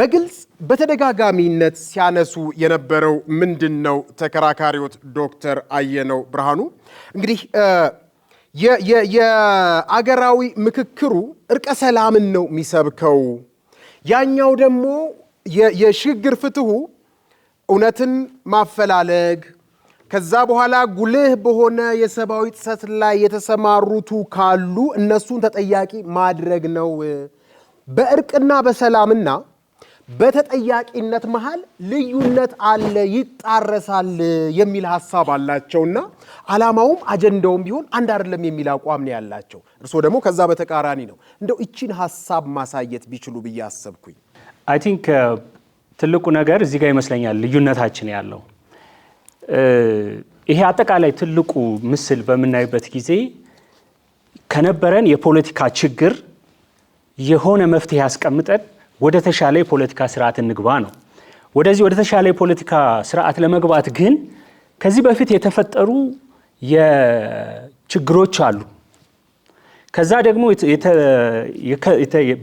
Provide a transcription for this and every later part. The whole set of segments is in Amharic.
በግልጽ በተደጋጋሚነት ሲያነሱ የነበረው ምንድን ነው? ተከራካሪዎት ዶክተር አየነው ብርሃኑ እንግዲህ የአገራዊ ምክክሩ እርቀ ሰላምን ነው የሚሰብከው። ያኛው ደግሞ የሽግግር ፍትሁ እውነትን ማፈላለግ ከዛ በኋላ ጉልህ በሆነ የሰብአዊ ጥሰት ላይ የተሰማሩቱ ካሉ እነሱን ተጠያቂ ማድረግ ነው። በእርቅና በሰላምና በተጠያቂነት መሃል ልዩነት አለ፣ ይጣረሳል የሚል ሀሳብ አላቸውና ዓላማውም አጀንዳውም ቢሆን አንድ አይደለም የሚል አቋም ነው ያላቸው። እርስዎ ደግሞ ከዛ በተቃራኒ ነው። እንደው እቺን ሀሳብ ማሳየት ቢችሉ ብዬ አሰብኩኝ። አይ ቲንክ ትልቁ ነገር እዚህ ጋር ይመስለኛል ልዩነታችን ያለው ይሄ አጠቃላይ ትልቁ ምስል በምናይበት ጊዜ ከነበረን የፖለቲካ ችግር የሆነ መፍትሄ ያስቀምጠን ወደ ተሻለ የፖለቲካ ስርዓት እንግባ ነው። ወደዚህ ወደ ተሻለ የፖለቲካ ስርዓት ለመግባት ግን ከዚህ በፊት የተፈጠሩ የችግሮች አሉ። ከዛ ደግሞ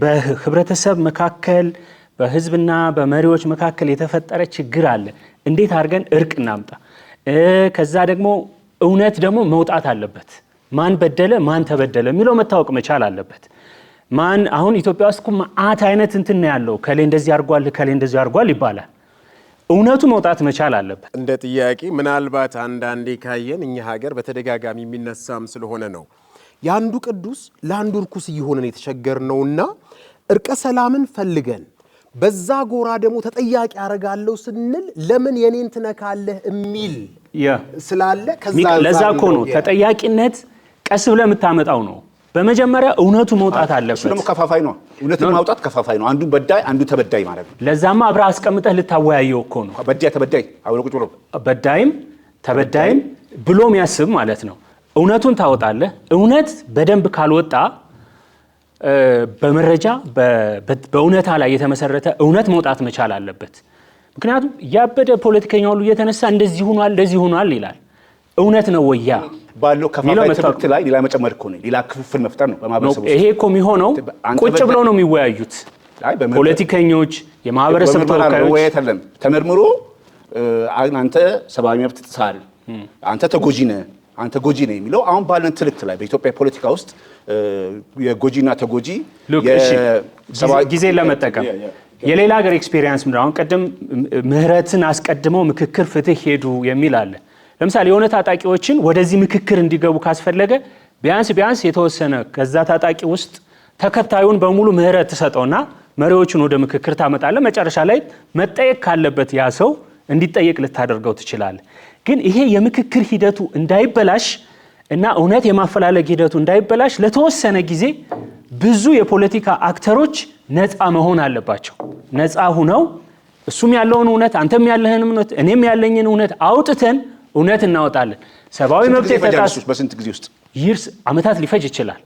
በህብረተሰብ መካከል በህዝብና በመሪዎች መካከል የተፈጠረ ችግር አለ። እንዴት አድርገን እርቅ እናምጣ? ከዛ ደግሞ እውነት ደግሞ መውጣት አለበት። ማን በደለ፣ ማን ተበደለ የሚለው መታወቅ መቻል አለበት። ማን አሁን ኢትዮጵያ ውስጥ መዓት አይነት እንትን ነው ያለው። ከሌ እንደዚህ አድርጓል፣ ከሌ እንደዚህ አድርጓል ከሌ እንደዚህ አርጓል ይባላል እውነቱ መውጣት መቻል አለበት። እንደ ጥያቄ ምናልባት አንዳንዴ ካየን እኛ ሀገር በተደጋጋሚ የሚነሳም ስለሆነ ነው የአንዱ ቅዱስ ለአንዱ እርኩስ እየሆነን የተቸገር ነውና እርቀ ሰላምን ፈልገን በዛ ጎራ ደግሞ ተጠያቂ ያደርጋለሁ ስንል ለምን የኔን ትነካለህ የሚል ስላለ ለዛ እኮ ነው ተጠያቂነት ቀስ ብለህ የምታመጣው ነው በመጀመሪያ እውነቱ መውጣት አለበት። ደግሞ ከፋፋይ ነው፣ እውነቱን ማውጣት ከፋፋይ ነው። አንዱ በዳይ አንዱ ተበዳይ ማለት ነው። ለዛማ አብረህ አስቀምጠህ ልታወያየው እኮ ነው። በዳይ ተበዳይ አብረህ ቁጭ ብሎ በዳይም ተበዳይም ብሎ የሚያስብ ማለት ነው። እውነቱን ታወጣለህ። እውነት በደንብ ካልወጣ በመረጃ በእውነታ ላይ የተመሰረተ እውነት መውጣት መቻል አለበት። ምክንያቱም ያበደ ፖለቲከኛ ሁሉ እየተነሳ እንደዚህ ሆኗል እንደዚህ ሆኗል ይላል እውነት ነው ወያ ባለው ከፋፋይ ትምህርት ላይ ሌላ መጨመር እኮ ነው፣ ሌላ ክፍፍል መፍጠር ነው በማህበረሰቡ። ይሄ እኮ የሚሆነው ቁጭ ብለው ነው የሚወያዩት ፖለቲከኞች፣ የማህበረሰብ ተወካዮች። ተመርምሮ አንተ ሰብአዊ መብት ጥሳል፣ አንተ ተጎጂ ነህ፣ አንተ ጎጂ ነህ የሚለው አሁን ባለን ትልክት ላይ በኢትዮጵያ ፖለቲካ ውስጥ የጎጂና ተጎጂ ጊዜ ለመጠቀም የሌላ ሀገር ኤክስፔሪንስ ምንድን ነው? አሁን ቅድም ምህረትን አስቀድመው ምክክር፣ ፍትህ ሄዱ የሚል አለ ለምሳሌ የሆነ ታጣቂዎችን ወደዚህ ምክክር እንዲገቡ ካስፈለገ ቢያንስ ቢያንስ የተወሰነ ከዛ ታጣቂ ውስጥ ተከታዩን በሙሉ ምህረት ትሰጠውና መሪዎቹን ወደ ምክክር ታመጣለ። መጨረሻ ላይ መጠየቅ ካለበት ያ ሰው እንዲጠየቅ ልታደርገው ትችላለ። ግን ይሄ የምክክር ሂደቱ እንዳይበላሽ እና እውነት የማፈላለግ ሂደቱ እንዳይበላሽ ለተወሰነ ጊዜ ብዙ የፖለቲካ አክተሮች ነፃ መሆን አለባቸው። ነፃ ሁነው እሱም ያለውን እውነት አንተም ያለህን እውነት እኔም ያለኝን እውነት አውጥተን እውነት እናወጣለን። ሰብአዊ መብት የተጣሱ በስንት ጊዜ ውስጥ ይርስ አመታት ሊፈጅ ይችላል።